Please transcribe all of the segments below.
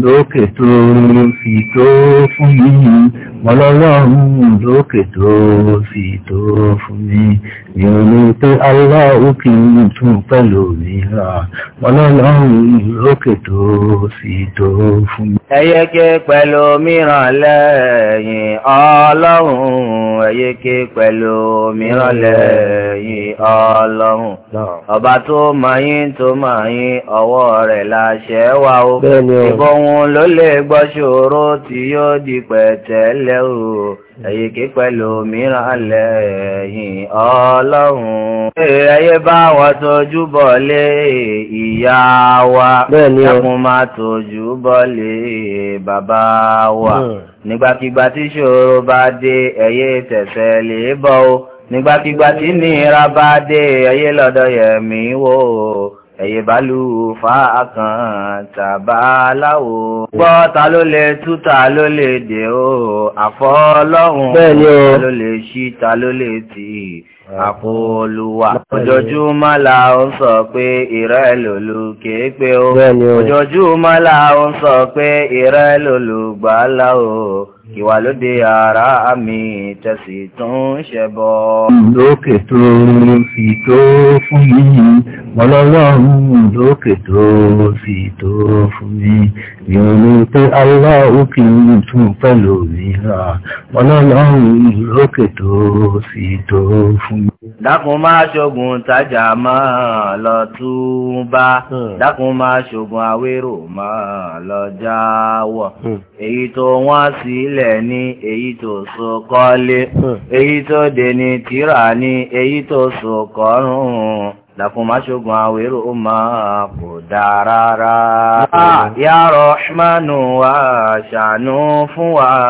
lókè tó fi tó fún Ọlọ́lọ́run lókè tó fi tó fún mi, mi ò ní pé aláwọ̀ kí n tún pẹ̀lú mi rà. Ọlọ́lọ́run lókè tó fi tó fún mi. Ẹyẹ́ké pẹ̀lú mìíràn lẹ́yìn ọlọ́run, ẹyẹ́ké pẹ̀lú mìíràn lẹ́yìn ọlọ́run. Ọba tó mayín tó mayín ọwọ́ rẹ̀ láṣẹ wà ó. Ìbọn ló lè gbọ́ ṣòro tí yóò di pẹ̀tẹ́lẹ̀ alẹ́ o èyíkí pẹ̀lú mìíràn alẹ́ yìí ọlọ́run. ẹyẹ bá wa tójú bọ̀ lé ìyá wa ẹkùn máa tójú bọ̀ lé bàbá wa hmm. nígbàkigbà tí ṣòro bá dé ẹyẹ tẹ̀sẹ̀ lè bọ̀ o nígbàkigbà tí nira bá dé ẹyẹ lọ́dọ̀ yẹ̀mí wò o ẹ̀yẹ̀bálú fa akàn tàbá aláwo. gbọ́ ta ló lè tú ta ló lè dè o àfọ́ ọlọ́run ta ló lè ṣí ta ló lè tì àpò olùwà. ojoojúmọ́ la ó sọ pé ìrẹ́ lòlù kéèpé o. ojoojúmọ́ la ó ń sọ pé ìrẹ́ lòlù gbàlá o. ìwà ara mi tẹ̀sí tún ṣẹbọ. lókè tó fi tó fún mi ọlọ́lọ́run lókè tó fi tó fún mi mi ò ní pé aláwọ̀ kì í tún pẹ̀lú mi rà ọlọ́lọ́run lókè tó fi tó fún mi. dákun máa ṣogun tájà máa lọ túbá hmm. dákun máa ṣogun awérò máa lọ jáwọ́ hmm. èyí tó wọ́n sílẹ̀ ní èyí tó so kọ́lé hmm. èyí tó dé ní tírà ní èyí tó so kọ́rùn-ún. لكم أشقاور أما قدارارا يا رحمن وشانو فوا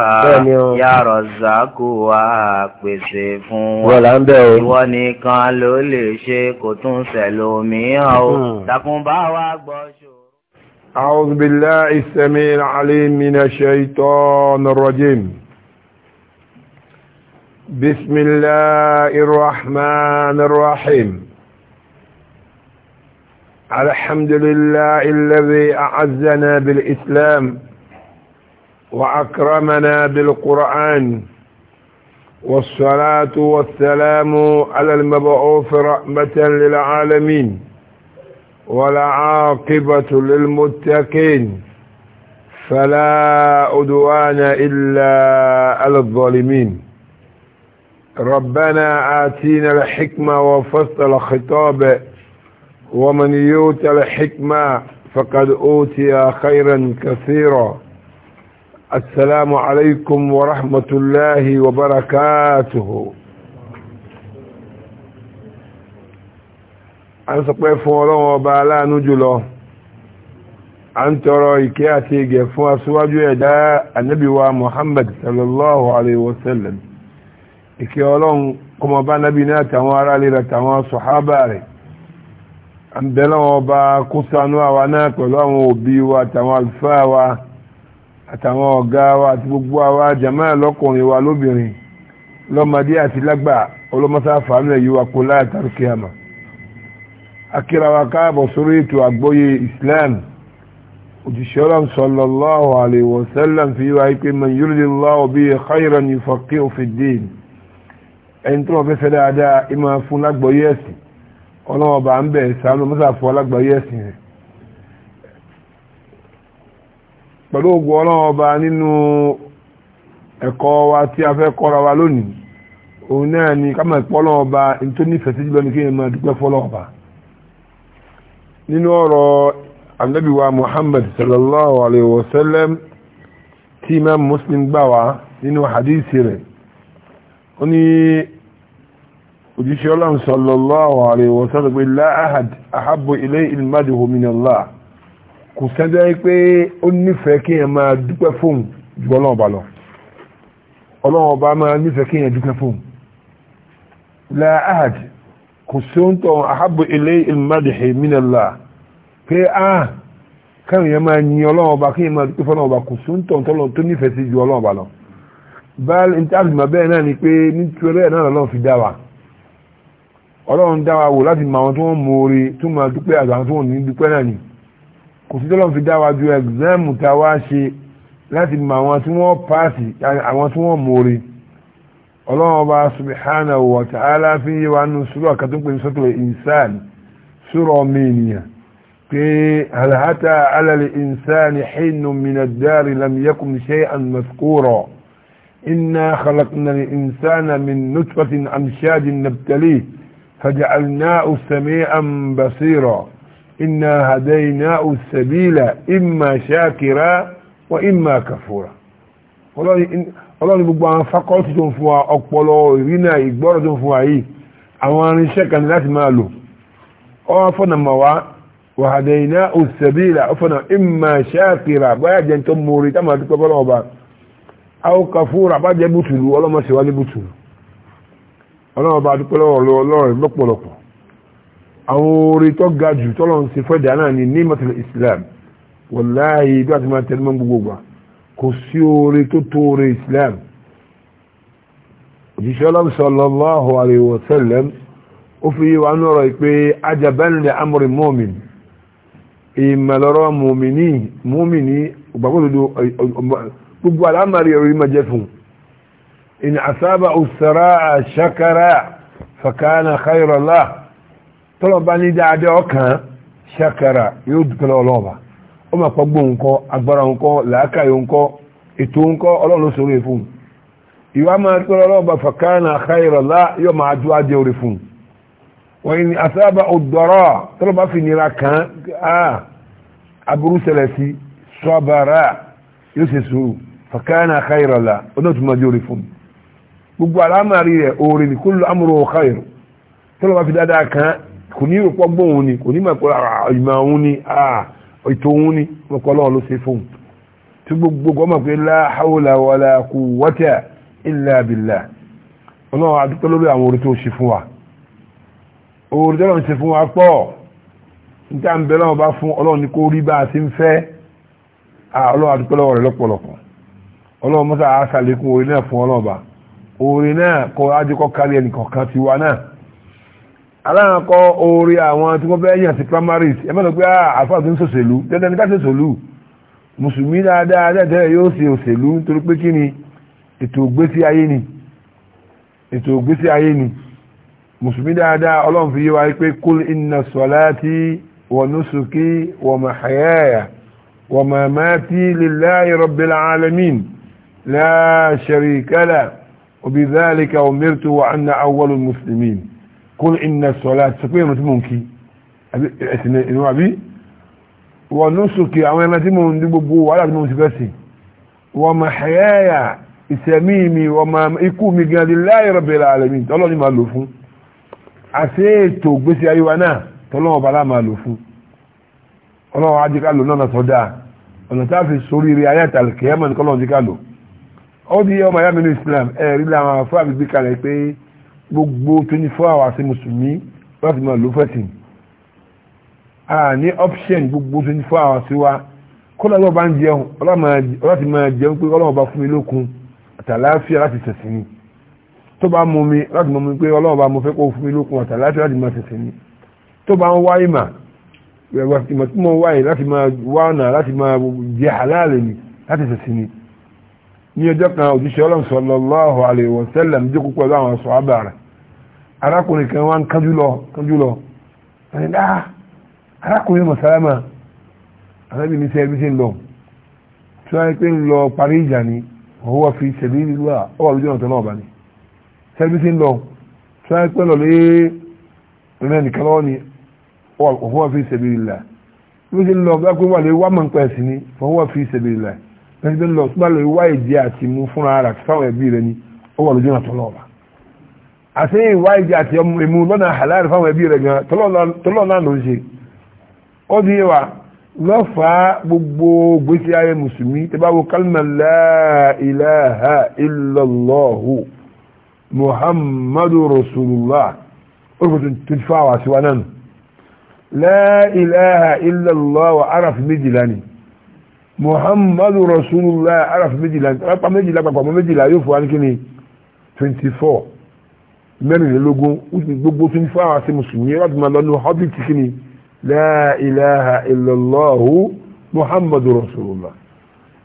يا رزاق وapèsè fún wa ìwọ nìkan ló lè ṣe kò tún sẹlòmíràn o dákun bá wa gbọ́ ṣòro. أعوذ بالله السميع العليم من الشيطان الرجيم بسم الله الرحمن الرحيم الحمد لله الذي أعزنا بالإسلام وأكرمنا بالقرآن والصلاة والسلام على المبعوث رحمة للعالمين ولا عاقبة للمتقين فلا أدوان إلا على الظالمين ربنا آتينا الحكمة وفصل خطابه ومن يوت الحكمة فقد أوتي خيرا كثيرا السلام عليكم ورحمة الله وبركاته a ń sọpẹ́ fún ọlọ́run ọba aláàánú jùlọ a ń tọrọ ìkẹ́ àti ìgẹ̀ fún aṣíwájú ẹ̀dá anábíwa Muhammad sallallahu alaihi wasallam ìkẹ́ ọlọ́run kọmọba nábi ní àtàwọn ará lè rẹ̀ àtàwọn sọ̀hábà rẹ̀ àǹbẹ̀lọ́wọ́ ọba kó ṣàánú àwa náà pẹ̀lú àwọn òbí wa àtàwọn àlùfáà wa àtàwọn ọ̀gá wa àti gbogbo àwa jàmáà lọ́kùnrin wa lóbìnrin lọ́mọdé àti lágbà ọlọ́mọsá fàánù ẹ̀yí wa kó láàtàrí kíámà akírawa káàbọ̀ sórí ètò àgbọ́yé Islam òjíṣẹ́ ọlọ́run sallallahu alayhi wa sallam fi wá pé man yuridillahu bihi khayran yufaqihu fid din ẹni tó wọ́n fẹ́ fẹ́ dáadáa ìmọ̀ fún lágbọ́yé ẹ̀sìn ọlọ́wọ́ bá ń bẹ̀ sànú mọ́sàfù alágbàáyé ẹ̀sìn rẹ̀ pẹ̀lú ògùn ọlọ́wọ́ bá nínú ẹ̀kọ́ wa tí a fẹ́ kọ́ra wa lónìí òun náà ni ká máa pọ́ ọlọ́wọ́ bá ní tó nífẹ̀ẹ́ sí jùlọ ní kí ni máa dúpẹ́ fọ́lọ́wọ́ bá nínú ọ̀rọ̀ Ànábì wa Muhammad sallallahu alayhi wa sallam tí Imam Muslim gbà wá nínú hadisi rẹ̀ ó ní òjíṣẹ́ ọlọ́run sallallahu alaihi wa sallam pé láàhàd ahabbu ilayhi al-madhu min Allah kò sẹ́jọ́ pé ó nífẹ̀ẹ́ kí èèyàn máa dúpẹ́ fóun ju ọlọ́run ọba lọ ọlọ́run ọba máa nífẹ̀ẹ́ kí èèyàn dúpẹ́ fóun láàhàd kò sí ohun tó ahabbu ilayhi ah, káwọn èèyàn máa yin ọlọ́run ọba kí máa dúpẹ́ ọba kò sí ohun tó nífẹ̀ẹ́ sí ju ọlọ́run ọba lọ báyìí ní tí a bẹ́ẹ̀ náà ni pé nítorí ẹ̀ náà lọ́lọ́run fi dá ọlọ́run dá wa wò láti mọ àwọn tó ń mọ̀ọ́re tó máa dúpẹ́ àti àwọn tó ń ní dúpẹ́ náà ni kò sí tọ́lọ́run fi dá wa ju ẹ̀gbẹ́mù tá a wá ṣe láti mọ àwọn tí wọ́n paasi àwọn tí wọ́n mọ̀ọ́re ọlọ́run ọba subhanahu wa ta'ala fi yé wa nù sùrọ̀ kàtúnpé sọ́tò ìnsán sùrọ̀ mìíràn pé alhata alali ìnsán xinu minadari lam yakun shay'an maskuro inna khalaqna al min nutfatin amshadin nabtalihi فجعلناه سميعا بصيرا إنا هديناه السبيل إما شاكرا وإما كفورا ọlọ́run gbogbo àwọn fakọ́ọ̀tì tó ń fún wa ọpọlọ ìrìnà ìgbọ́rọ̀ tó ń fún wa yìí àwọn arinṣẹ́ kan ní láti máa lò ọwọ́n fọ́nà mọ̀ wá wàhádẹ́ iná òsèbílà ọfọ́nà ìmà ṣáàkìrà báyà jẹ́ tó mórí táwọn àdúgbò bọ́lọ́wọ́ bá àwọn kàfúrà bá jẹ́ bùtùlù ọlọ́mọ ọlọ́run bá dúpẹ́ lọ́wọ́ ọlọ́run lọ́pọ̀lọpọ̀ àwọn orí tó ga jù tọ́lọ́ ń ṣe fẹ́dà náà ni ní mọ́tò islam wàláhì bí a ti máa tẹnu mọ́ gbogbo gbà kò sí orí tó tó orí islam òjíṣẹ́ ọlọ́run sallallahu alaihi wa sallam ó fi yíwa ní ọ̀rọ̀ pé ajaban li amri ìmọ̀lọ́rọ̀ mọ́mìnì mọ́mìnì gbogbo àlámàrí ọ̀rọ̀ yìí fún un إن أصابه السراء شكر فكان خير الله طلب أن يدعوك شكر يدخل الله ọmọ àpọ̀gbọ́ nǹkan agbára nǹkan làákàyè nǹkan ètò nǹkan ọlọ́run sórí fún ìwà máa tọ́rọ ọlọ́ọ̀bà fàkánà àkáyèrọ̀lá yóò máa jú ajé orí fún wọ́n ni àsáàbà òdọ̀rọ̀ tọ́lọ́bà fi nira kan aburú ṣẹlẹ̀ sí sọ́bàrà yóò ṣe sùúrù fàkánà àkáyèrọ̀lá onótùmọ̀ ajé orí fún mi gbogbo alámàrí rẹ̀ oore ní kúlù amúrò ọ̀káyọ̀ tó lọ́wọ́ fi dáadáa kan kò ní ìrọ̀pọ̀ gbóhùn ni kò ní mọ̀pọ̀ ah, ìmọ̀ òun ni ètò ah, òun ni mọ̀pọ̀ lọ́wọ́ ló ṣe fóun tí gbogbo gọ́mọ̀ pé la hawla wala quwwata illa billah ọlọ́wọ́ adúpẹ́ lórí àwọn orí tó ṣe fún wa orí tó lọ́wọ́ ṣe fún wa pọ̀ níta ń bẹ lọ́wọ́ bá fún ọlọ́wọ́ ní kó rí bá a ti ń fẹ́ ah, ọlọ́wọ́ adúpẹ́ lọ́wọ́ rẹ̀ lọ́pọ̀lọpọ̀ ọlọ́wọ́ mọ́sá àṣàlékún orí náà fún ọlọ́wọ́ bá oore náà kọ ajúkọ kárí ẹnì kọ̀ọ̀kan ti wa náà aláǹkọ oore àwọn tí wọ́n fẹ́ yàn sí primary ẹ mọ̀ lọ pé ah, àfáà tó ń ṣòṣèlú dandan ní ká ṣòṣèlú mùsùlùmí dáadáa dáadáa yóò ṣe òṣèlú nítorí pé kí ni ètò ògbésí ayé ni ètò ògbésí ayé ni mùsùlùmí dáadáa ọlọ́run fi yé wa pé kúl inna salati wa nusuki wa mahayaya wa mamati lillahi rabbil alamin la sharika lahu وبذلك أمرت وأنا أول المسلمين قل إن الصلاة سكوية متمنكي إنه أبي ونسكي أولا تمون دببو ولا تمون سبسي ومحيايا ìsẹ̀mí ọmọ ikú mi gan lillahi rabbil alamin tọ́lọ́ ni ma lò fún àti ètò gbésí ayé wa náà tọ́lọ́ ọba láà ma lò fún ọlọ́wọ́ ajíkálò náà sọ́dá ọ̀nà táà fi sórí rí ayé àtàlẹ̀kẹ́ mọ̀ ní kọ́lọ́ ajíkálò ó di ọmọ ayá mẹ́nu islam ẹ̀rí làwọn afọ àgbègbè kalẹ̀ pé gbogbo twenty four hours mùsùlùmí wọ́n fi máa lò fẹ́sìn a ní option gbogbo twenty four hours wa kọ́lá lọ́ba ń jẹun ọlọ́run ti máa jẹun pé ọlọ́run bá fún mi lókun àtàláfíà láti ṣẹ̀sìn ni tó bá mú mi láti mọ̀ mi pé ọlọ́run bá mo fẹ́ kó fún mi lókun àtàláfíà láti máa ṣẹ̀sìn ni tó bá ń wáyé mà ìmọ̀ tí mo wáyé láti máa wá ọ̀nà láti máa jẹ àlàálẹ̀ ní ọjọ́ kan òjíṣẹ́ ọlọ́run sallallahu alaihi wa sallam jókòó pẹ̀lú àwọn sọ̀hábà rẹ̀ arákùnrin kan wá ń kánjú lọ kánjú lọ ẹni dáa ah, arákùnrin mọ̀sálámà arábìnrin ní sẹ́ẹ̀bí sí ń lọ tí wọ́n pè ń lọ parí ìjà ni òun wá fi ṣẹ̀bí ìlú à ó wà lójú ọ̀tọ̀ náà bá ní sẹ́ẹ̀bí sí ń lọ tí wọ́n pè lọ lé rẹ̀ nìkan lọ́wọ́ ni òun wọ́n fi ṣẹ̀bí ẹni tó ń lọ tó bá lọ wá ìdí àti mú fúnra rà fáwọn ẹbí rẹ ni ó wà lójú náà tọ́lọ́ ọ̀la àti ìwá ìdí àti ìmú lọ́nà àhàlárì fáwọn ẹbí rẹ gan tọ́lọ́ náà ló ń ṣe ó di wa lọ́fàá gbogbo gbèsè ayé mùsùlùmí tẹ́ bá wo kálmà la ilaha muhammadu rasulullah orúkọ twenty four hours wa náà la ilaha illallahu méjìlá ni muhammadu rasulullah araf méjìlá pápá méjìlá papọ̀ mọ́ méjìlá yóò fún wa ní kíni twenty four mẹ́rìnlélógún gbogbo 24 four hours mùsùlùmí yóò láti máa lọ ní hobbit kíni la ilaha illallahu muhammadu rasulullah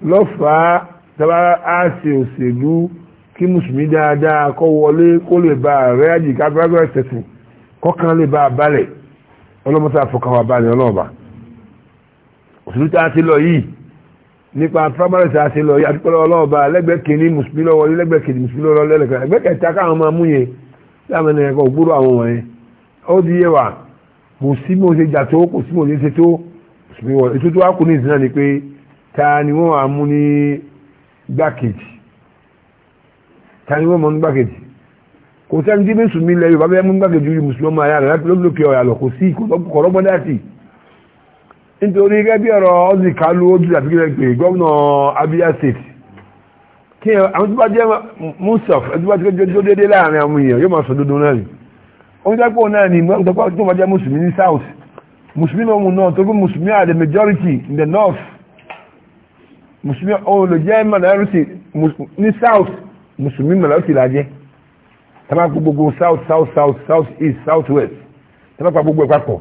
lọ́fà tábà á ṣe òṣèlú kí mùsùlùmí dáadáa kọ́ wọlé kó lè bá rẹ́ àjìká gbágbá ẹ̀sẹ̀sìn kọ́kàn lè bá a balẹ̀ ọlọ́mọta àfọkànwá ọlọ́ọ̀bà òṣèlú tá a ti lọ yìí nípa primary science lọ adúpọ̀lọ́ ọlọ́ọ̀ba lẹ́gbẹ̀ẹ́ kìíní mùsùlùmí lọ́wọ́ lẹ́gbẹ̀ẹ́ kìíní mùsùlùmí lọ́wọ́ lẹ́lẹ́kẹ̀ẹ́ ẹgbẹ́ kẹta káwọn máa mú yẹn láwọn ẹ̀rọ ẹ̀kọ́ ògbúrò àwọn wọ̀nyẹn ó di yé wa kò sí mo ṣe jà tó kò sí mo ṣe ṣe tó mùsùlùmí wọ̀ ètò tó wá kú ní ìsìn náà ni pé ta ni wọ́n máa mú ní gbákejì ta ni wọ́n máa mú gbákejì kò sẹ́ni tí mùsùlùmí lẹ́yìn bàbá yẹn mú gbákejì nítorí gẹ́gẹ́ bí ọ̀rọ̀ ọ́sì kálú ó dìjà fíkẹ́ pé gómìnà Abia State kí àwọn tó bá jẹ́ musaf ẹni tó bá jẹ́ tó dédé láàrin àwọn èèyàn yóò máa sọ dúdú náà ni wọ́n jẹ́ pé náà ni mọ́tòpá tó bá jẹ́ mùsùlùmí ní south mùsùlùmí náà wọn náà tó bí mùsùlùmí are the majority in the north mùsùlùmí ọ̀hún ló jẹ́ minority ní south mùsùlùmí minority la jẹ́ tàbá gbogbo south south south south east south west tàbá gbogbo ìpapọ̀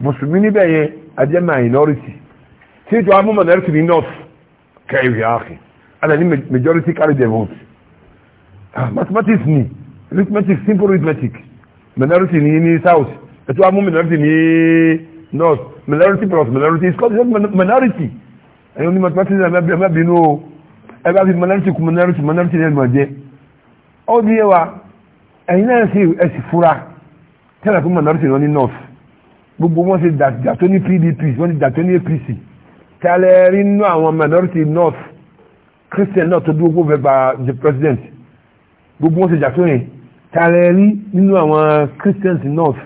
mùsùlùmí níbẹ̀ yẹn ajẹ́ minority tí ètò àwọn minority ní north kẹ́rì ààkì ana ní majority carry the vote ah, mathematics ni arithmetic simple arithmetic minority ní ní south ètò àwọn minority ní north minority plus minority is called minority ẹ̀yọ́ ní mathematics ẹ̀ má bínú o ẹ bá fi minority kú minority minority ní ẹ̀mọ̀ jẹ́ ó di yẹ wa ẹ̀yin náà sì ẹ̀sì fura tẹ́lẹ̀ fún minority ní north gbogbo wọn ṣe dàtúdà tó ní pdp wọn ṣe dàtúdà tó ní apc tẹ́lẹ̀ rí nínú àwọn minority north christian náà tó dúró gbogbo ẹgbà the president gbogbo wọn ṣe dàtúdà yẹn tẹ́lẹ̀ rí nínú àwọn christians north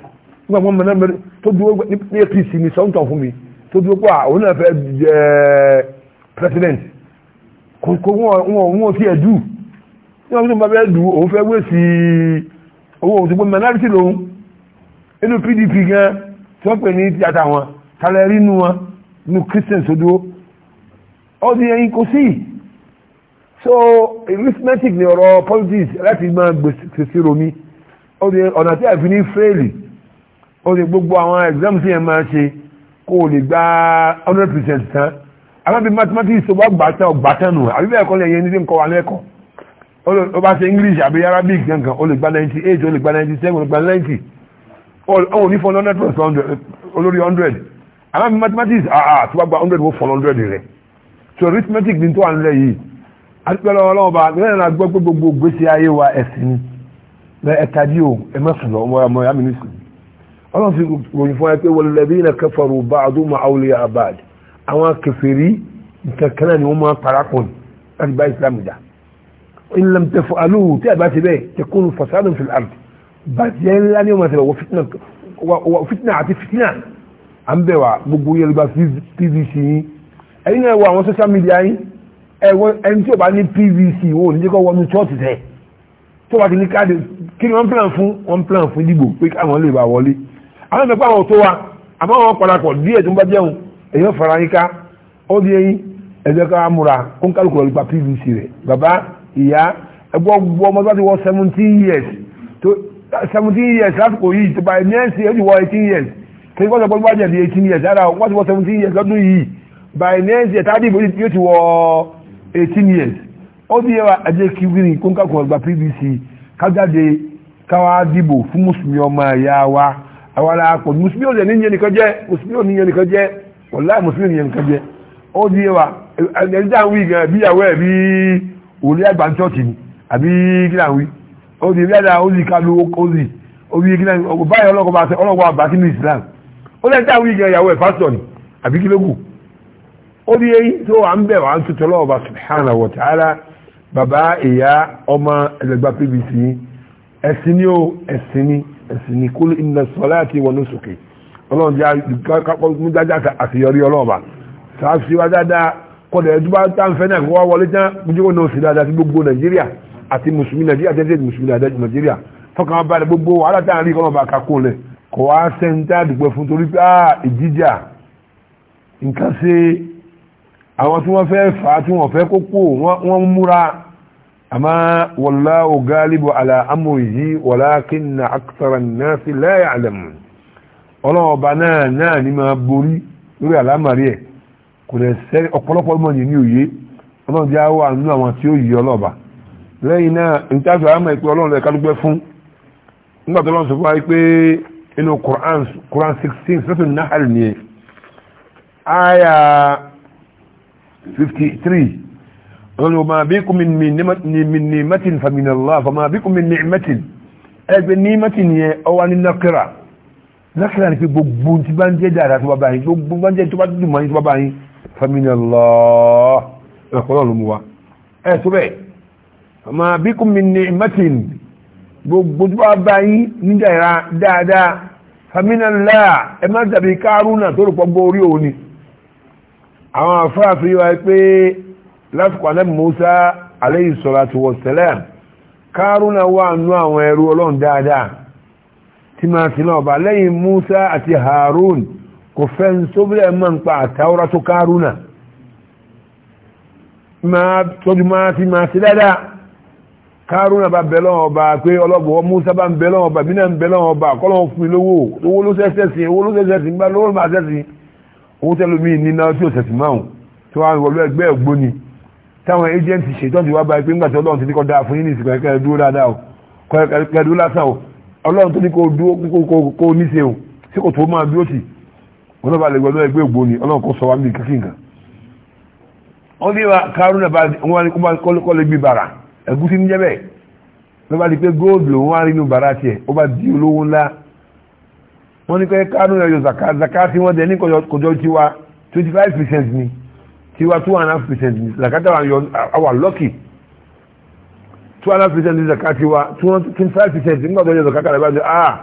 nígbà wọn minority tó dúró ní apc ní sọ́ńtọ̀ fún mi tó dúró pọ̀ àwọn náà fẹ́ jẹ́ president kò kò wọn wọn ti ẹ̀ dù ní wọn tó ń bá bẹ́ẹ̀ dù òun fẹ́ wé sí owó òun ti gbọ́ minority lòun inú pdp gan tí wọ́n pè ní tíátà wọn tàlẹ̀ rí nú wọn nú christian sódó ó di ẹyin kò sí so arithmetic ni ọ̀rọ̀ politics láti máa gbèsè romi ó di ọ̀nà tí àfi ní fẹ́ẹ̀lì ó di gbogbo àwọn exam tí yẹn máa ṣe kó o lè gba hundred percent tán alábi mathematics tó bá gbà tán ọgbà tán nù àbí bẹ́ẹ̀ kọ́ lẹ́yìn ẹni tí ń kọ́ wa lẹ́kọ̀ọ́ ó bá ṣe english àbí arabic gangan ó lè gba ninety eight ó lè gba ninety seven ó lè gba ninety ọ̀hún oh, ní fún hundred plus hundred olórí hundred àmọ́ mathematics àà tó bá gba hundred wó fún hundred rẹ̀ so arithmetic ní tó à ń lẹ̀ yìí àtúpẹ̀lẹ̀ ọlọ́run bá lẹ́yìn náà gbọ́ pé gbogbo gbèsè ayé wa ẹ̀sìn ní ẹ̀ka dí o ẹ̀ mẹ́sàn lọ ọmọ ọmọ yàmi nìsí ọlọ́run sì ròyìn fún wa pé wal ladhina kafaru ba'duhum awliya ba'd àwọn kèfèrí nǹkan ni wọ́n máa parakùn láti bá islam jà in lam taf'alu tí a bá ti bẹ́ẹ̀ takunu fasadun fil ard bàjẹ́ ńlá ní ọmọ ìṣẹ̀lẹ̀ wọ fitina àti fitina à ń bẹ̀ wá gbogbo yorùbá pvc yín ẹ̀yin náà wọ àwọn social media yín ẹni tí o bá ní pvc wo ní kọ́ wọnú chọ́ọ̀tì tẹ̀ tó bá ti ní káàdì kí ni wọ́n plan fún wọ́n plan fún ìdìbò pé káwọn lè bá wọlé àwọn ìgbà pàwọn tó wa àmọ́ wọn parapọ̀ díẹ̀ tó ń bá jẹun èyí fara yín ká ó di eyín ẹ̀jẹ̀ ká múra ó ń kálukú lọ́ọ́ nípa pvc rẹ̀ bàbá ìyá ẹgbọ́ gbọ́ ọmọdé wá ti wọ seventeen years tó seventeen years lásìkò yìí ti bá ẹni ẹ̀sìn ẹ̀jù wọ eighteen years kí wọ́n sọ pé wọ́n jẹ̀ di eighteen years rárá wọ́n ti wọ seventeen years lọ́dún yìí by next year tàbí ìbòjì yóò ti wọ eighteen years ó bí ẹwà ajé kíwìrì kó ń kàkọ́ ọgbà pvc kájáde káwá dìbò fún mùsùlùmí ọmọ ẹ̀yà wa àwọn ará pọ̀ mùsùlùmí òde níyẹn nìkan jẹ́ mùsùlùmí òde níyẹn nìkan jẹ́ wọ̀láì mùsùlùmí níyẹn nìkan jẹ́ ó bí ẹwà ẹ̀ẹ́dẹ́gbẹ̀rún wí gan bí ìyàwó ẹ̀ bí òwúrẹ́ àgbà ń ni àbí kí ọ di lẹ́dà ó di kálu obi kí náà ọgbọ̀n báyìí ọlọ́kọ̀ bá ṣe ọlọ́kọ̀ àbá kí ní Islam ó lẹ́yìn táwọn ìgbà ìyàwó ẹ̀ pásítọ̀ ni àbí kí ló kù di èyí tó wa ta'ala ọmọ pbc ẹ̀sìn ni ó ẹ̀sìn ni ẹ̀sìn ni kul àṣeyọrí dáadáa náà kó wọlé tán àti mùsùlùmí nàìjíríà tẹ́sí mùsùlùmí nàìjíríà tọ́kàn bá rẹ̀ gbogbo wàhálà tá à ń rí kọ́nà bá kakó lẹ̀ kò wá sẹ́ńtà dùgbẹ́ fún torí pé ah, ìjíjà nǹkan ṣe àwọn tí wọ́n fẹ́ fà á tí wọ́n fẹ́ kókó wọ́n múra àmọ́ wallahu galibu ala amrihi walakinna akthara an-nasi la ya'lamun ọlọ́ọ̀ba náà náà ní máa borí lórí àlámàrí ẹ̀ kò lè ọ̀pọ̀lọpọ̀ ọmọ yìí ní òye ọlọ́ọ̀dẹ́ á àwọn tí ó yí ọlọ́ọ̀ba lẹ́yìn náà ìtàfẹ́ àmà ìpé ọlọ́run lẹ́ka dúpẹ́ fún nígbà tó lọ́n sọ fún wa pé inú Quran Quran sixteen sọ́tún Nahl ni ẹ̀ àyà fifty three ọlọ́run wa máa bí kún mi ní ni'matin famin Allah fa máa bí kún mi ní ni'matin ẹgbẹ́ ní ni'matin yẹn ọwá ní nàkírà nàkírà ni pé gbogbo tí bá ń jẹ́ dáadáa tó bá bá yín gbogbo bá ń jẹ́ tó bá dùn mọ́ yín tó bá bá yín famin Allah ẹ̀kọ́ ọlọ́run mu wa ẹ̀ àmọ́ bikum min ni'matin gbogbo tó bá bá yín níjàrá dáadáa faminalá ẹ má dàbí kárúnà tó rúpọ̀ gbórí òní àwọn afáàfin wa pé lásìkò alẹ́ Musa alayhi salatu wassalam kárúnà wà nú àwọn ẹrú ọlọ́run dáadáa tí máa sí náà bá lẹ́yìn Musa àti Harun kò fẹ́ ń sóbílẹ̀ máa ń pa àtàwọ́rá tó kárúnà máa tọ́jú máa ti máa sí dáadáa kárúnà bá bẹ̀ lọ́wọ́ ọba pé ọlọ́bùwọ́ musa bá ń bẹ̀ lọ́wọ́ ọba mínà ń bẹ̀ lọ́wọ́ ọba kọ́lọ́wọ́ fún mi lówó owó ló sẹ́sẹ́ sí owó ló sẹ́sẹ́ sí nígbà lówó máa sẹ́sí owó tẹ́lú mi níná tí ò sẹ̀sì máa tí wọ́n wọlé ẹgbẹ́ ògbóni táwọn agent ṣètọ́jú wá báyìí pé ńgbà tí ọlọ́run ti ní kọ́ dáa fún yín nìsí kẹ́kẹ́ dúró dáadáa o kẹ́kẹ́ dúró lásán o ọlọ́run tó ní kó dúró bá ẹ̀gúsí ní jẹ́bẹ̀ ló bá di pé góòdù lòun wá rí inú bàrá tiẹ̀ ó bá di olówó ńlá wọ́n ní pé kánú ẹ̀yọ zaka tí wọ́n dẹ̀ ní kọjọ́ tiwa twenty five percent ni tiwa two and a half percent ni zakata àwa lọ́kì two and a half percent ni zaka tiwa twenty five percent nígbà tó yẹ zaka kalẹ̀ bá di ah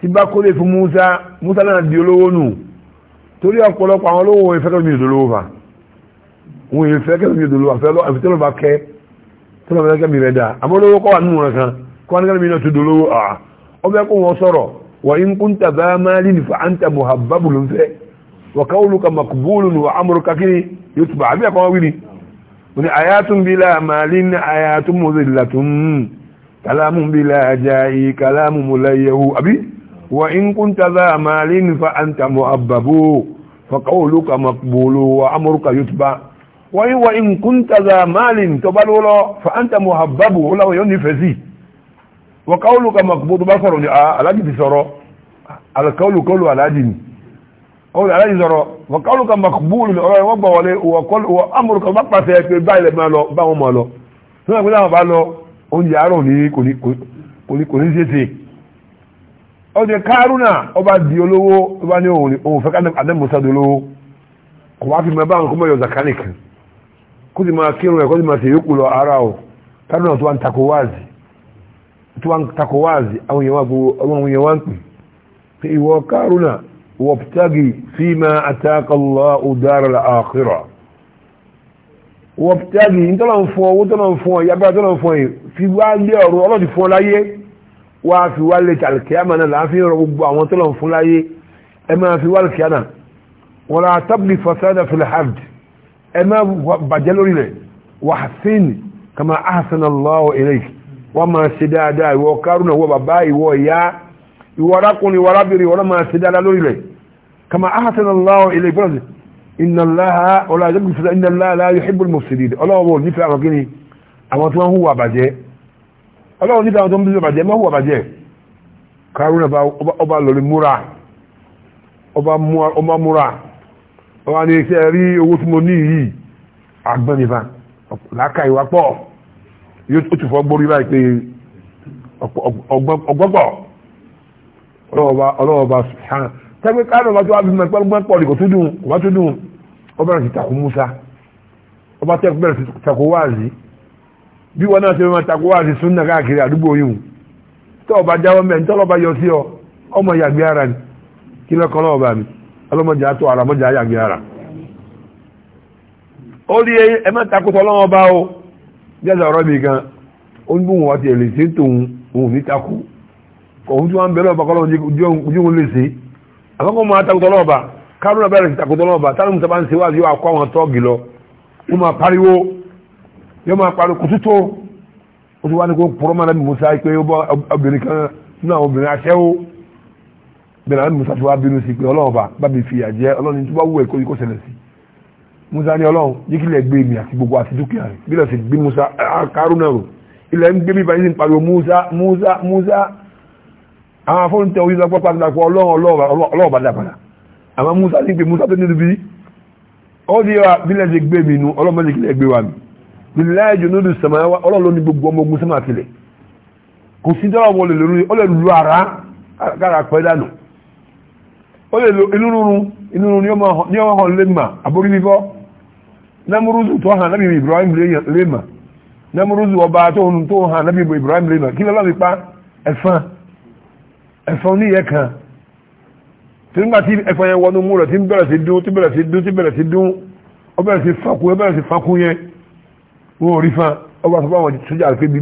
tí bá kólé fún Musa Musa náà di olówó nù torí ọ̀pọ̀lọpọ̀ àwọn olówó ìfẹ́ kẹ́lómi ìdólówó fa òun ìfẹ́ kẹ́lómi ìdólówó àfẹ́ lọ́ tó lọ́wọ́ lẹ́gẹ́ mi rẹ̀ dáa àmọ́ olówó kọ́ wà nínú rẹ̀ kan kọ́ nígbà mi náà tó dolówó à ọ bẹ́ẹ̀ kó wọn sọ̀rọ̀ wà ń kún tàbá máa lè nìfà à ń tà muhabbabu wà káwọlù ka wà ń kún yóò tùbà wọ́n yí wọ nkúntàzà máàlì tó bá lówó lọ fa anta muhabbabu ó láwọn yóò nífẹ̀ẹ́ sí wọ́n káwọ́lù ka mọ̀kúbó tó bá sọ̀rọ̀ ni aláàjì ti sọ̀rọ̀ alákọ́lù kọ́lù aláàjì ni aláàjì sọ̀rọ̀ wọ́n káwọ́lù ka mọ̀kúbó ọ̀rọ̀ wọ́n amúrù kan bá pàṣẹ pé kó sì máa kírun ẹ̀ kó sì máa ṣe yókù lọ ara o kánú tó wá ń takò wáàzì tó wá ń takò wáàzì àwọn èèyàn wá gbogbo àwọn èèyàn wá ń pè pé ìwọ kárùnà wọ́pútàgì fíìmà àtàkọ́lọ́ òdára àkírà wọ́pútàgì ìtọ́lọ̀ ń fún owó tọ́lọ̀ ń fún ọ tọ́lọ̀ ń fún ọ fi wá lé ọ̀rọ̀ ọlọ́dì fún ọ láyé wá fi wá lé kàlùkìámà náà láàfin rọ gbogbo ẹmẹ́ bàjẹ́ lórí rẹ̀ wà hàsín kama ahsanallahu ilayk wọ́n máa ṣe dáadáa ìwọ kárùnà wọ bàbá ìwọ ìyá ìwọ arákùnrin ìwọ arábìnrin wọ́n máa ṣe dáadáa lórí rẹ̀ kama ahsanallahu ilayk bọ́lá inna Allaha ọlá ìjọba ìfẹ́sẹ̀ inna Allaha la yuhibbul mufsidin ọlọ́wọ́ nífẹ̀ẹ́ àwọn kìíní àwọn tí wọ́n múra wọ́n ní ṣe rí owó tí mo ní yìí agbọ́nifá láka ìwà pọ̀ yóò tún fọ́ gbórí báyìí pé ọgbọ́gbọ́ ọlọ́ọ̀bá sùhánà tẹ́gbẹ́ káàdùn ọba tó wà bímọ ẹgbẹ́ pọ̀ nìkan tó dùn ọba tó dùn ọba náà ti takò Musa ọba tẹ́kù bẹ̀rẹ̀ sí takò wáàzì bí wọn náà ṣe máa takò wáàzì súnà káàkiri àdúgbò yìí tọ́ ọba jáwọ́ mẹ́rin tọ́lọ́ba yọ sí ọ ọmọ ìyàgbé ara ni kí lọ́kọ́ ọlọ́ọ̀bá mi ọlọ́mọdé àtọ́ ara mọ́jà ayàgbé ara ó rí ẹmẹ́ takótọ́ ọlọ́wọ́ bá ó jẹ́sà ọ̀rọ̀ mi gan ó ń bú wọn ti èlè sí tòun òun ní takú òun tí wọ́n ń bẹ̀rẹ̀ ọba kọ́lọ́wọ́ ojú òun lè sí àkọ́kọ́ máa takótọ́ ọlọ́wọ́ bá kárùnà bẹ̀rẹ̀ sí takótọ́ ọlọ́wọ́ bá tálùmù tó bá ń ṣe wáàzí wá ní kó pọ́nmọ́ bẹ̀rẹ̀ àwọn musa fi wá bínú sí pé ọlọ́run bá bá mi fi àjẹ́ ọlọ́run tó bá wù ẹ̀ kó yí kó ṣẹlẹ̀ sí musa ni ọlọ́run yí kílẹ̀ gbé mi àti gbogbo àti dúkìá rẹ̀ bí lọ́sẹ̀ gbé musa kárúnà rò ilẹ̀ ń gbé mi báyìí ń pariwo musa musa musa àwọn afọ́nù tẹ oyin lọ́pọ̀ pàtàkì àpò ọlọ́run ọlọ́run bá dàpadà àwọn musa ní pé musa tó ní ibi ó di onye lè lo inú rúrun inú rúrun ní ọmọ hàn lẹ́mà àbórí fífọ́ námúrúzù tó hàn nábì Ibrahim lẹ́mà námúrúzù ọba tó hàn tó hàn nábì Ibrahim lẹ́mà kí lọ́lọ́ nípa ẹ̀fọn ẹ̀fọn ní ìyẹn kan tí nígbà tí ẹ̀fọn yẹn wọnú mú rẹ̀ tí bẹ̀rẹ̀ si dún tí bẹ̀rẹ̀ sí dún dún fakun fakun wọn ò rí sọ fún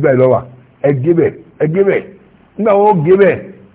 àwọn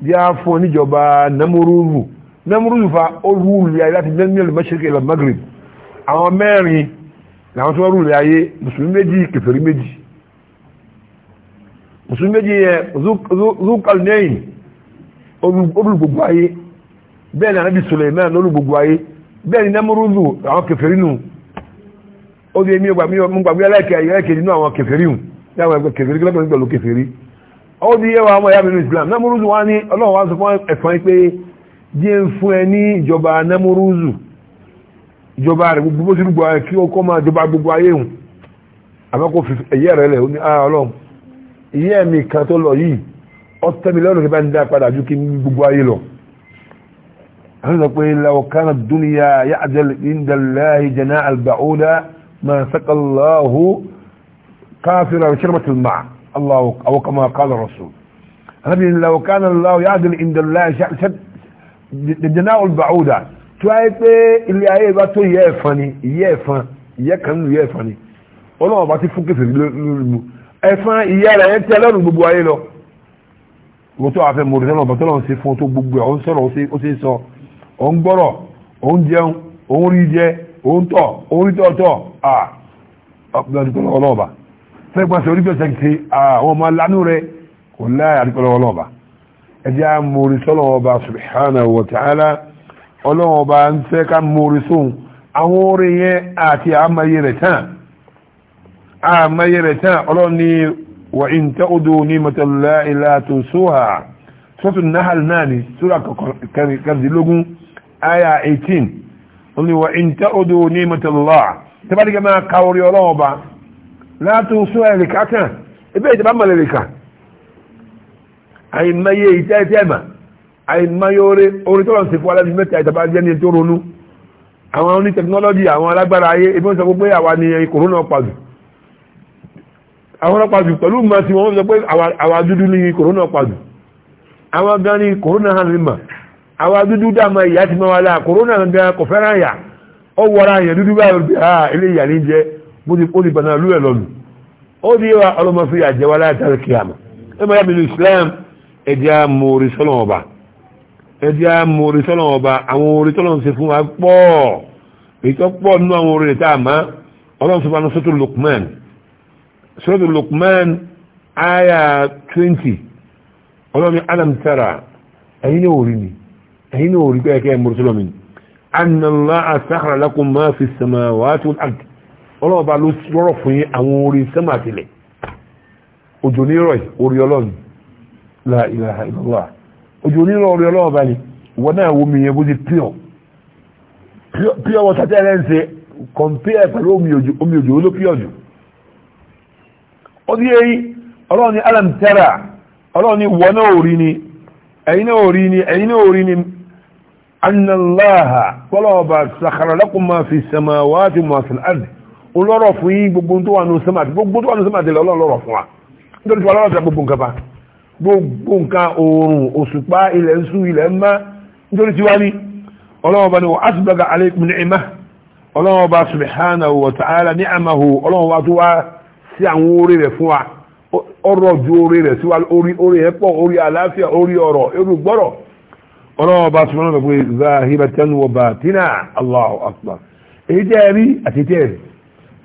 bí a fún oníjọba namuruzu namuruzu fa ó rúùlù ayé láti mẹ́rin mẹ́ṣẹ́kẹ́ ilẹ̀ magrib àwọn mẹ́rin làwọn tó rúùlù ayé mùsùlùmí méjì kèfèrí méjì mùsùlùmí méjì yẹ zukalnein olú gbogbo ayé bẹ́ẹ̀ ni anabi suleiman olú gbogbo ayé bẹ́ẹ̀ ni namuruzu àwọn kèfèrí nù ó di èmi ọgbà mi ọgbà mi aláìkẹ́ ayé aláìkẹ́ nínú àwọn kèfèrí hù ní àwọn kèfèrí kí lọ́kàn nígbà ló kèfèrí ó di ẹwà àwọn ẹ̀yà mìíràn Islam Námúrúzù wá ní ọlọ́run wá sọ fún ẹ̀fọn pé jẹ́ ń fún ẹ ní ìjọba Námúrúzù ìjọba rẹ̀ gbogbo bó ti rúgbọ kí ó kọ́ máa jọba gbogbo ayé hùn àmọ́kò fi ẹ̀yẹ́ rẹ̀ lẹ̀ ó ní ara ah, ọlọ́run ìyẹ́ mi kan tó lọ yìí ọ̀tẹ́ mi lọ́rùn kí bá ń dá padà ju kí gbogbo ayé lọ. àwọn sọ pé law kana ad-dunya ya'dil inda Allahi janaha al الله أو كما قال الرسول ربي لو كان الله يعدل عند الله شد جناء البعودة توايت اللي هي باتو يفني يفن يكن يفني ọlọ́wọ́ bá ti fún kẹfẹ́ lórí ẹ̀fọn ìyá rẹ̀ ń tẹ́ lọ́rùn gbogbo ayé lọ wọ́n tó àfẹ́ mọ̀rẹ́ lọ́nà bàtọ́ lọ́n ṣe fún tó gbogbo ẹ̀ ọ̀n sọ̀rọ̀ ó ṣe sọ ọ̀n gbọ́rọ̀ ọ̀n jẹun ọ̀n rí jẹ ọ̀n tọ̀ ọ̀n rí tọ̀ tọ̀ à ọ̀pọ̀lọpọ̀ ọlọ́wọ́ bá fẹ́gbàsẹ̀ orígbẹ̀sẹ̀ ti àwọn ọmọ alánú rẹ̀ kò láyé àdípẹ́lọ́ ọlọ́ọ̀bá ẹjẹ́ a mórí sọ́lọ́ọ̀bá subhanahu wa ta'ala ọlọ́ọ̀bá ń fẹ́ ká mórí sóhun àwọn orí yẹn àti àmàyé rẹ̀ tán àmàyé rẹ̀ tán ọlọ́ni wà in ta'udu ni'matallahi la tuhsuha sọ́tún nahal náà ni sura kẹrìndínlógún aya 18 ọlọ́ni wà in ta'udu ni'matallahi tẹ́bàdìgẹ́ máa káwọ́rí ọlọ́ọ̀bá látún sún ẹ̀rìká kan ebí ìjọba mọ̀ lẹ́rìká àìmọye ìtẹ́ ẹ̀tẹ́ ẹ̀mà àìmọye orí orí tọ́lọ̀ sí fún alábi mẹ́ta ìjọba jẹ́ ní tó ronú àwọn oní tẹkinọ́lọ́jì àwọn alágbára ayé ebí wọ́n sọ pé àwa ni kòrónà pàdù àwọn pàdù pẹ̀lú mọ̀ sí wọ́n sọ pé àwa dúdú ni kòrónà pàdù àwọn gan ni kòrónà hàn mímọ̀ àwa dúdú dáàmà ìyá ti mọ́ wa láà kòrónà gan kò fẹ́ràn yà ó wọra yẹn dúdú báyìí ilé ah, ìyà ní jẹ́ ó ní bàná lúwẹ̀ lọ́nu ó ní wa ọlọ́mọ fi àjẹwà látàrí kíyàmù ẹ máa yàbí ní Islam ẹ̀dí a mórí sọ́nà ọba ẹ̀dí a mórí sọ́nà ọba àwọn orí tọ́lọ́n ṣe fún wa pọ̀ èyí tó pọ̀ nínú àwọn orí tá a má ọlọ́run sọ́nà sọ́tò Luqman sọ́tò Luqman aya 20 ọlọ́run ní alam tara ẹ̀yin náà orí ni ẹ̀yin náà orí pé ẹ̀kẹ́ mórí sọ́nà mi anna Allah sakhara lakum ma fi samawati wal ard ọlọ́run ọba ló rọ̀ fún yín àwọn orin sẹ́mà tilẹ̀ òjò nírọ̀ orí ọlọ́run la ilaha illallah òjò nírọ̀ orí ọlọ́run ọba ni ìwọ náà wo mi yẹn bó ti pure pure water tẹ́ ẹ ń ṣe compare pẹ̀lú omi òjò omi òjò ló pure jù ó ní eyín ọlọ́run ní fi samawati ma fi olọ́rọ̀ fún yí gbogbo tó wà ní sẹ́màtì gbogbo tó wà ní sẹ́màtì lọ́lọ́ lọ́rọ̀ fún wa nítorí fún ọlọ́rọ̀ tẹ gbogbo nǹkan pa gbogbo nǹkan oòrùn òṣùpá ilẹ̀ ń sú ilẹ̀ ń má nítorí tí wa ní tó wá sí àwọn wa ọrọ̀ ju orí rẹ̀ sí wa orí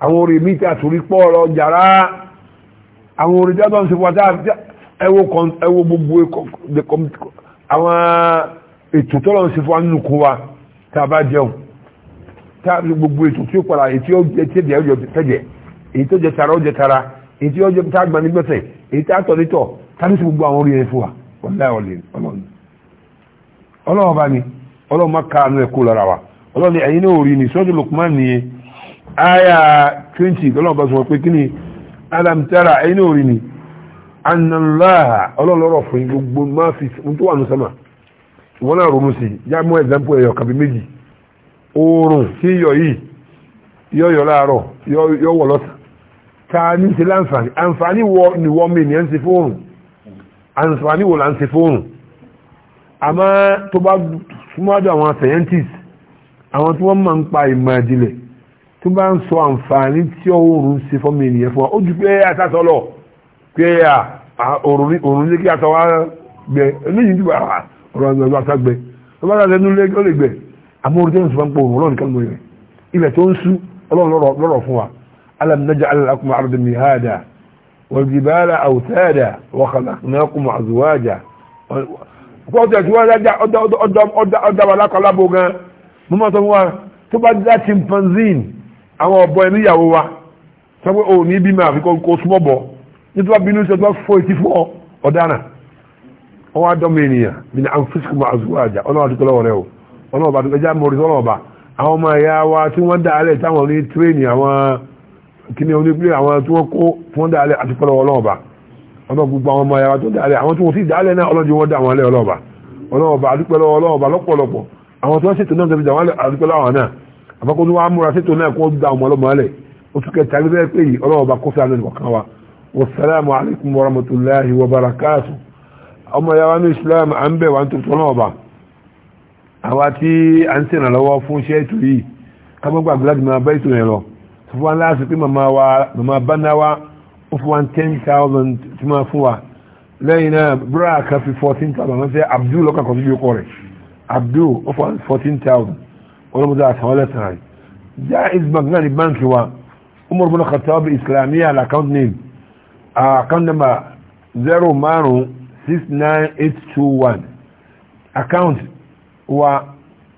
àwọn orin mi tí a torí pọ́ ọ̀rọ̀ jàrá àwọn orin jẹ́ tọ́nà sí wọ́n ẹwọ gbogbo e- àwọn ètò tọ́nà sí fún nínú kún wa tàbá jẹun tàbí gbogbo ètò tí ó padà ètí ẹ̀jẹ̀ ọjọ́ tẹ́jẹ̀ èyí tó jẹ tara ọjọ́ tara èyí tí ọjọ́ tá gbà nígbẹ̀sẹ̀ èyí tá tọ̀ nítọ̀ tàbí sí gbogbo àwọn orin ẹ̀ fún wa ọlọ́run ọlọ́run bá ní ọlọ́run má ká àánú ẹ̀kọ́ lára wa ọlọ́run ẹ̀yin náà ni sọ́jọ́ Lukman nìyẹn aya 20 ọlọ́run bá sọ pé kí ni alam tara ẹni orí ni anàláà ọlọ́lọ́rọ̀ fún gbogbo máa fi tó wà ní sọ́mà wọ́n náà ronú sí já mú ẹ̀zẹ́mpù ẹ̀yọ̀ kàbí méjì oòrùn tí yọ yìí yọ yọ láàárọ̀ yọ wọ̀ lọ́sàn ta ní ṣe láǹfààní àǹfààní wọ ni wọ́n mi ní ẹ̀ ń ṣe fóòrùn àǹfààní wò là ń ṣe fóòrùn àmọ́ tó bá súnmọ́ àwọn scientist àwọn tí wọ́n máa ń pa ìmọ̀ ìjìnlẹ̀ tó bá ń sọ àǹfààní tí oòrùn ṣe fọ́mọ ènìyàn fún wa ó ju pé àtàtọ̀ lọ pé oòrùn lé kí àtọ̀ wa gbẹ eléyìí dùgbà ọ̀rọ̀ àgbẹ̀ àtà gbẹ tó bá dàdé nílé ó lè gbẹ àmọ́ orí tẹ́lẹ̀ sọ́pọ̀ oòrùn ọlọ́run kan lóye ilẹ̀ tó ń sú ọlọ́run lọ́rọ̀ fún wa alam naj'al lakum arda mihada wal jibala awtada wa khalaqnakum azwaja dá àwọn ọ̀bọ ẹni ìyàwó wa sọ pé o ní bímọ àfikọ́ kó súnmọ́ bọ̀ nítorí wọn bínú sọ fọ́ etí fún ọ̀daràn ọwọ́ àdọ́mọ ènìyàn bí ní àǹfíṣkù máa zùwọ́ àjà ọlọ́wọ́ àti tọ́lọ́wọ́ rẹ o bá mọ̀rí àwọn ọmọ ẹ̀yà wa tí wọ́n àwọn àwọn tí wọ́n kó tí wọ́n dá alẹ́ àwọn ọmọ ẹ̀yà wa àbákọ́ ní wàá múra sétò náà kó da ọmọ ọlọ́mọ alẹ̀ oṣù kẹta ló fẹ́ pé yìí ọlọ́wọ́ bá kó fẹ́ àná nìkan wa wasalaamu alaykum wa rahmatulahi wa barakatu ọmọ ya wa ní islam à ń bẹ̀ wà ń tó tọ́nà ọba àwa tí à ń sèrànà lọ́wọ́ fún iṣẹ́ ètò yìí ká mọ́ gbàgbé láti máa bá ètò yẹn lọ fún wa láti pé màmá wa màmá bánáwa ó fún wa ten thousand tí máa fún wa lẹ́yìn náà búrọ̀ àkàfi fourteen thousand wọ́n fẹ́ abdul ọkàn kan fífi kọ́ rẹ̀ abdul ó fún wa fourteen thousand olómọdé àtàwọlẹ̀ sàrẹ̀ jaiz bank náà ni báńkì wa umar bin khattab islamiyya la account name account number 0569821 account wa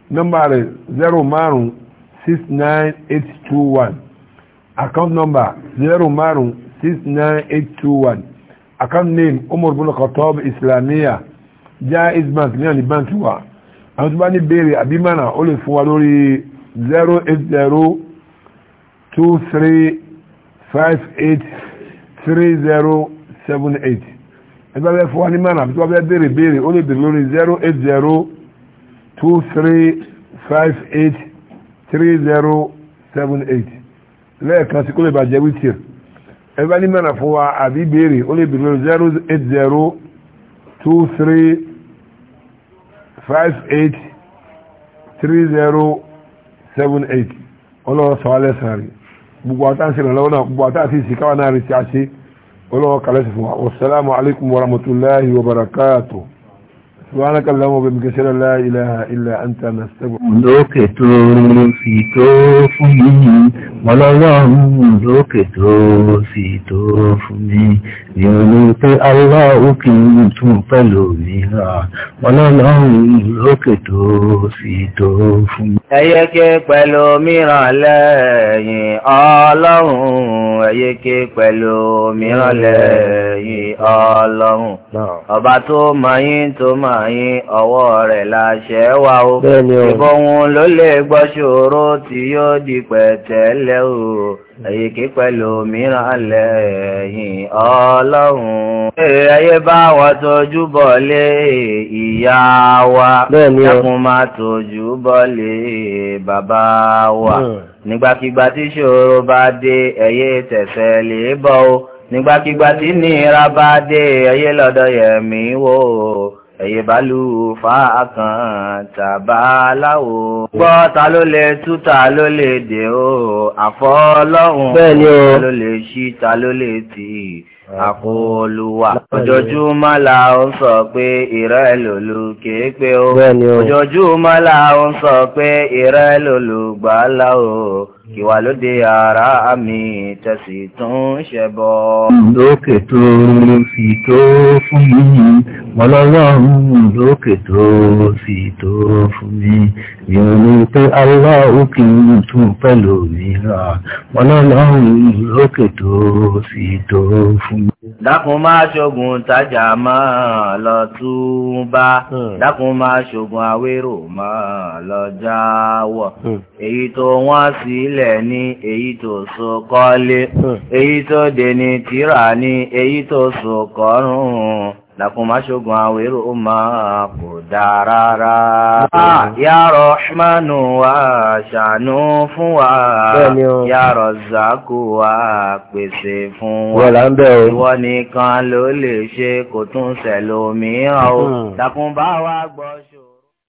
number rẹ̀ 0569821 account number 0569821 account name umar bin khattab islamiyya jaiz bank náà ni báńkì wa àwọn tó bá ní béèrè àbí mọ́nà ó lè fún wa lórí 08023583078 ẹgbẹ́ bẹ́ fún wa ní mọ́nà àbí tó bá bẹ́ béèrè béèrè ó lè béèrè lórí 08023583078 lẹ́ẹ̀kan sí kó lè bàjẹ́ wítìr ẹgbẹ́ ní mọ́nà fún wa àbí béèrè ó lè béèrè lórí three 583078 ọlọ́run sọ alẹ́ sàárì gbogbo àtàṣe ìrànlọ́wọ́ náà gbogbo àtàṣe ìsìnkáwà náà rí ti a ṣe ọlọ́run kalẹ́sì fún wa wassalamu alaikum warahmatullahi wabarakatuh سبحانك اللهم وبحمدك اشهد ان لا اله الا انت نستغفرك lókè tó sì tó fún mi ọlọ́run lókè tó sì tó fún mi ìròyìn pé aláwọ̀ kì í tún pẹ̀lú mìíràn ọlọ́run lókè tó sì tó lẹ́yìn ọlọ́run ẹyẹkẹ pẹ̀lú mìíràn lẹ́yìn ọlọ́run ọba tó mọ̀ yín tó mọ̀ yín ọwọ́ rẹ̀ láṣẹ wà ó ìbọ̀wọ̀n ló lè gbọ́ ṣòro tí yóò di pẹ̀tẹ́lẹ̀ o èyíkí pẹ̀lú mìíràn lẹ́yìn ọlọ́run ayé bá wa tójú bọ̀ lé ìyá wa ẹkùn máa tójú bọ̀ lé bàbá wa hmm. nígbàkigbà tí ṣòro bá dé ẹ̀yẹ tẹ̀sẹ̀ lè bọ̀ o nígbàkigbà tí nira bá dé ẹ̀yẹ lọ́dọ̀ yẹ̀mí wò ìbálù fa akàn tàbá láwo. gbọ́ ta ló lè tú ta ló lè dè ó àfọ́ ọlọ́run. ta ló lè ṣí ta ló lè tì í àkóòlùwà ojoojúmọ́ la ó ń sọ pé ìrẹ́ lòlù kìí pé ó ojoojúmọ́ la ó ń sọ pé ìrẹ́ lòlù gbà láò ìwà hmm. lóde ara àmì tẹ̀sí tún ṣe bọ́. lókè tó sì tó fún mi ọlọ́lọ́run lókè tó sì tó fún mi mi ò ní pé aláwọ̀ kì í tún pẹ̀lú mi rà ọlọ́lọ́run lókè tó sì tó fún mi dákun máa ṣogun tajà máa lọ túbá hmm. dákun máa ṣogun awérò máa lọ jáwọ̀ hmm. èyí tó wọ́n sílẹ̀ ní èyí tó so kọ́lé hmm. èyí tó dé ní tírà ní èyí tó so kọ́rùn lakuma ṣogun awero o ma kò dá rárá. Ah. ya rahmanu wa ṣàánú fún wa ya razaku wa pèsè fún wa ìwọ nìkan ló lè ṣe kò tún ṣẹlòmíràn o hmm. lakun bá wa gbọ́ ṣe.